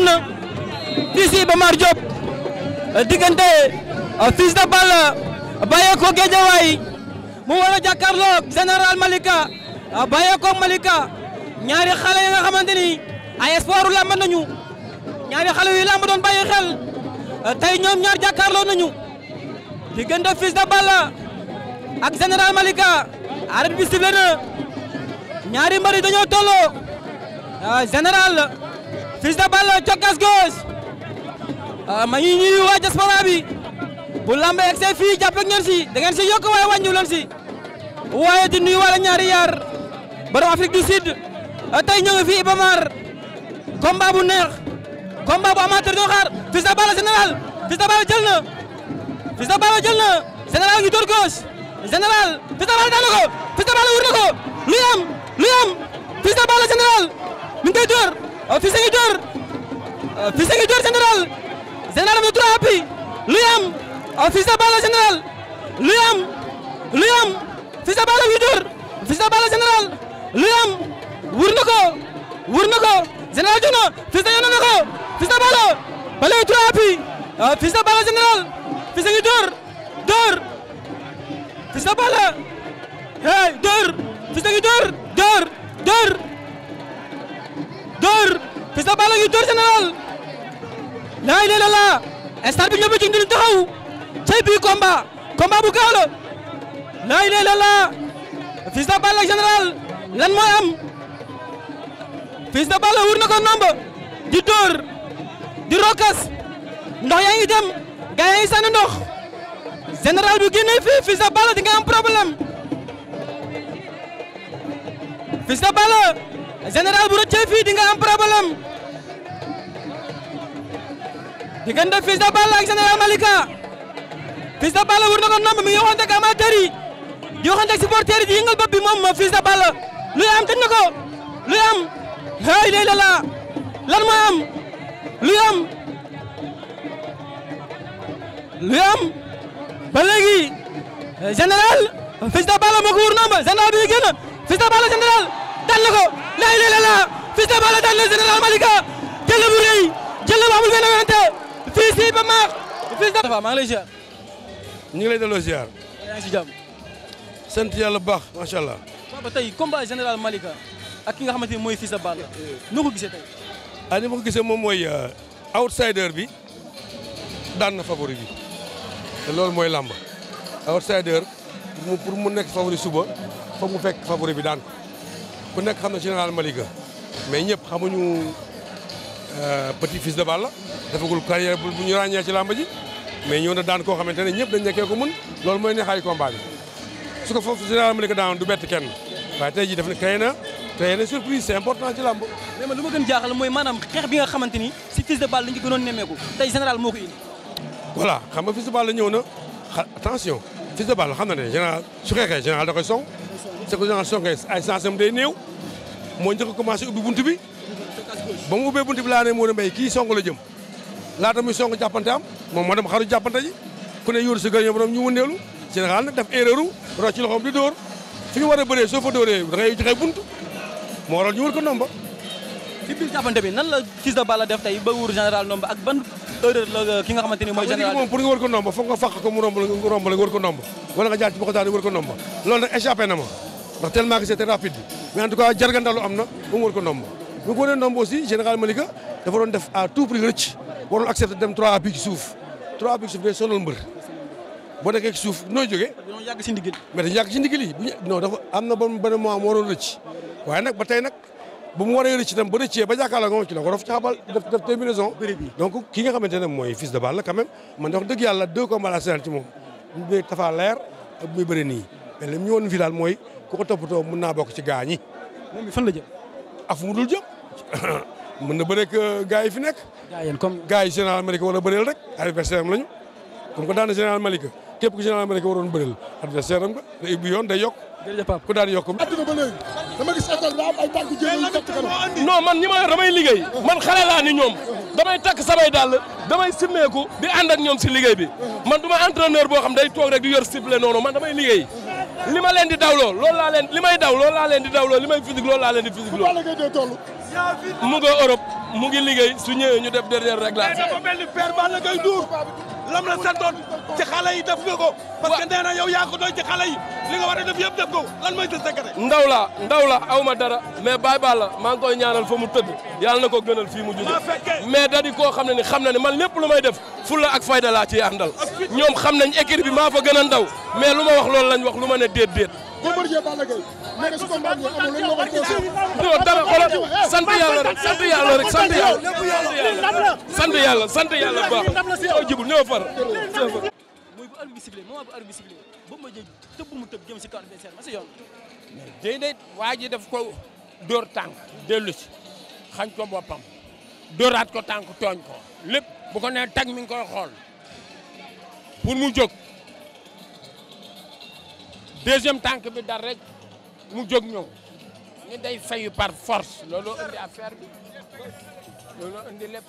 am na fii si Iba Mar Diop diggante euh, Fils de Balla bàyyeekoo Géejawaay mu war a jàkkaarloog général Malika euh, bàyyeekoo Malika ñaari xale yi nga xamante ni ay espoiru làmb nañu ñaari xale yu làmb doon bàyyi xel euh, tey ñoom ñaar jàkkaarloo nañu diggante Fils de Balla ak général Malika arbitre bi sifflé na ñaari mbër yi dañoo tolloo général. Fils de cokkas gauche ah ma ngi ñuyu bu lambe ak fii jàpp ngeen si da si yokk waaye wàññu leen si waaye di nuyu wala ñaari yaar borom Afrique du Sud ah, tey ñoo ngi fi Iba Mar neex combat bu amateur doo xaar Fils de Balla général jël na Fils de Balla na général ngi door gauche général Fils de Balla ko Fils de Balla na ko luy am luy am Fils de Balla général Euh, fils a ngi door euh, fils ngi door général général am na trois appuis luy am fils de Balla général luy am luy am ngi door fils wër na ko wër ngi door door fils ngi door door dóor Fils de Balla Gaye dóor général laa ilaaha illallaah stade bi ñëpp ci ñu taxaw cey bii combat combat bu gaaw laa ilaaha illallaah Fils de Balla lan mooy am Fils wur na ko nomba di dóor di rokas ndox yaa ngi dem gaa yaa ngi ndox général bu génnee fii Fils de Balla di nga am problème général bu rëccee fii di nga am problème diggante Fils de Balla Malika Fils de Balla wër na ko mi ngi waxante ak amateur di waxante ak di yëngal bopp bi moom Fils de Balla lu am tëj na hay lay la lan moo am lu am lu am ba léegi général Fils de Balla moo ko wër nomb général bi daan na ko laa ilaaha illallaah Fils de Balla Général Malika jël bu rëy jël bu amul benn werante fii si ba maax ñu ngi lay delloo ziar yaa sant yàlla bu baax macha allah ba tey combat Général Malika ak ki nga xamante ni mooy Fils de Balla noo ko gisee tey ah ni ko gisee moom mooy euh, outsider bi daan na favori bi te loolu mooy làmb outsider pour mu nekk favori suba foog mu fekk favori bi daan ku nekk xam na général Malika mais ñëpp xamuñu euh, petit fils de Balla defagul carrière bu ñu ràññee ci làmb ji mais ñëw na daan koo xamante ne ñëpp dañ nekkee ko lool loolu mooy neexaayu combat bi su ko foofu général Malika daan du bett kenn waaye tey jii daf ne kay na tey na surprise c'est important ci làmb mais man lu ma gën jaaxal mooy maanaam xeex bi nga xamante ni si fils de Balla lañu ci gënoon nemmeeku tey général moo ko indi voilà xam nga fils de Balla ñëw na attention fils de Balla xam na ne général su xeexee général da koy sow c' est que genre Sokes ay sens am day moo njëkk a commencé ubbi bunt bi ba mu ubbee bunt bi laa ne moo mbay kii songo la jëm laata muy song jàppante am moom moo dem xaru jàppante ji ku ne yóoru si gàncax borom ñu wëndeelu général nag def erreur roc ci loxoom di dóor fi ñu war a bëree soo fa dóoree da ngay bunt moo waral ñu wër ko ndomba. ci biir jàppante bi nan la de Balla def tey ba wóor général ndomba ak ban erreur la euh, ki nga xamante mooy. général moom ko ndomba foog nga ko mu romb la nga na ma ndax tellement que c'était rapide mais en tout cas jargandalu am na ba mu war ko ndomb ko wonee ndomb aussi général Malika dafa doon def à tout prix rëcc waroon accepté dem 3 appuis ci suuf 3 appuis ci suuf mbër boo nekkee ci suuf nooy jógee dañoo yàgg ci ndigal mais dañu yàgg ci ndigal yi dafa am na bon benn mois mu waroon rëcc waaye nag ba tey nag bu mu waree rëcc tam ba rëccee ba jàkkaarloo nga moom ci la ko rof ci xabal def terminaison donc ki nga xamante ne mooy fils de balle quand même man yàlla deux combats la séance ci moom muy Tafa nii mais li ñu fii daal mooy ku ko toppatoo mën naa bokk ci gaa ñi. moom bi fan mën na bëreeg euh, gaa yi fi nekk. gaa yéen comme gaa yi général Malika wala bëreel rek adversaire am lañu. comme que daan général Malika képp ku général Malika waroon bëreel adversaire am nga day daan yokk. àdduna ba léegi dama gis école ba am ay tànk jëloon fekk kanam. non man ñi ma yor damay liggéey. man xale laa ni ñoom. damay takk samay dàll damay simmeeku di ànd ak ñoom si liggéey bi. man du ma entraîneur boo xam day toog rek di yor cible noonu man damay liggéey li ma leen di dawloo loolu laa leen li may daw loolu laa leen di dawloo li may physique loolu laa leen di physique loolu. mu nga Europe mu ngi liggéey su ñëwee ñu def dernier réglage. mais dafa mel ni père Balla Gaye Ndour lam yi def ko. parce que nee na yow yaa ko ci xale yi. li nga war a def yëpp def ko lan mooy ndaw la ndaw la aw ma dara mais Baye Balla maa ngi koy ñaanal fa mu tëdd yàlla na ko gënal fii mu jóge mais da koo xam ne ni xam na ne man lépp lu may def fulla ak fayda laa ciy ñoom xam nañ équipe bi maa fa gën a ndaw mais lu ma wax loolu lañu wax lu ma ne déet déet Bombardier Balla Gaye mais su ko mbañ amul lañ sant yàlla rek sant yàlla rek sant yàlla sant yàlla sant yàlla bu baax aw jibul ñëw far Bombardier tëb bu mu tëb jëm si kaw adversaire ma si yoon. mais déedéet waa ji def ko dóor tànk dellu si xañ ko boppam dóoraat ko tànk tooñ ko lépp bu ko nee tag mi ngi koy xool pour mu jog deuxième tànk bi dal rek mu jóg ñëw ñu day fayu par force loolu indi affaire bi loolu indi lépp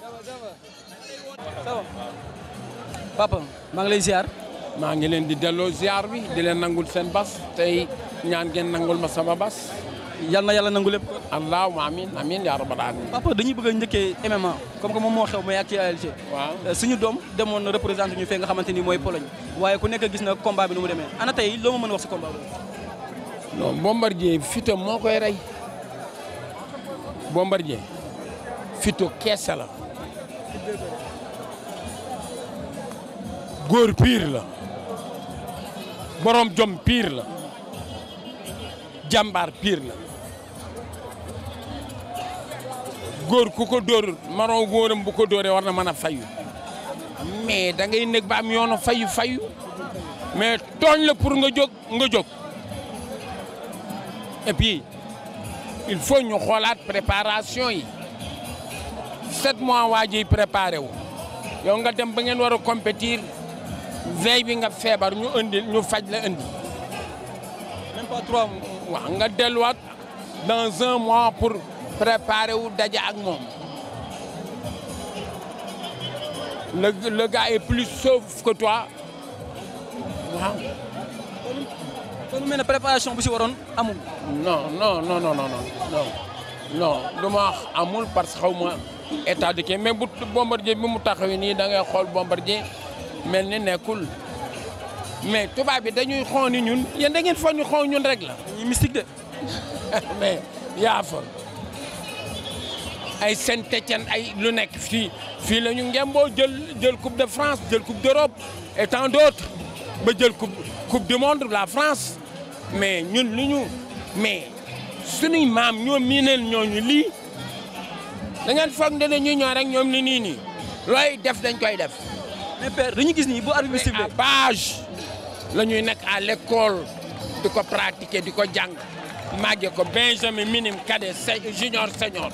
ça papa maa ngi lay ziar maa ngi leen di delloo ziar bi di leen nangul seen bas tey ñaan ngeen nangul ma sama bas. yal na yàlla nangu lépp. allahumma amiin amiin yaa rabbal aalamiin. papa dañuy bëgg a njëkkee MMA comme que moom moo xew ma yàgg ci ALG. waaw euh, doom demoon na représenté ñu fee nga xamante ni mooy Pologne. waaye ku nekk gis na combat bi nu mu demee ana tey loo ma mën a wax si combat bi. non Bombardier fito moo koy rey Bombardier fito keese la góor la. boroom jom piir la jàmbaar piir la góor ku ko dóor maron góoram bu ko dóoree war na mën a fay mais da ngay nekk ba am yoonu fayu fayu mais tooñ la pour nga jóg nga jóg et il faut ñu xoolaat préparation yi sept mois waa jiy préparé wu yow nga dem ba ngeen war compétir veille bi nga feebar ñu indi ñu faj la indi même pas trois mois nga delluwaat dans un mois pour préparer wu daje ak moom le le gars est plus sauf que toi waaw. kon mu mel ne préparation bu si waroon amul. non non non non non du ma amul parce que xaw ma état de kii mais bu bombardier bi mu taxawee nii da ngay xool bombardier mel ne nekkul mais tubaab bi dañuy xon ni ñun yéen da ngeen foog ñu xon ñun rek la. dañuy mystique de. mais yaa fa ay Saint-Étienne ay lu nekk fii fii la ñu ngemboo jël jël coupe de France jël coupe d'Europe et tant d'autres ba jël coupe coupe du monde la France mais ñun lu ñu mais suñuy maam ñoo miineel ñooñu lii da ngeen foog ne ñu ñoo rek ñoom ni nii nii looy def dañ koy def. mais père dañu gis nii bu arbitre bi sifflé bâche la ñuy nekk à l'école di ko pratiquer di ko jàng màggee ko benjamin minime cadet junior senior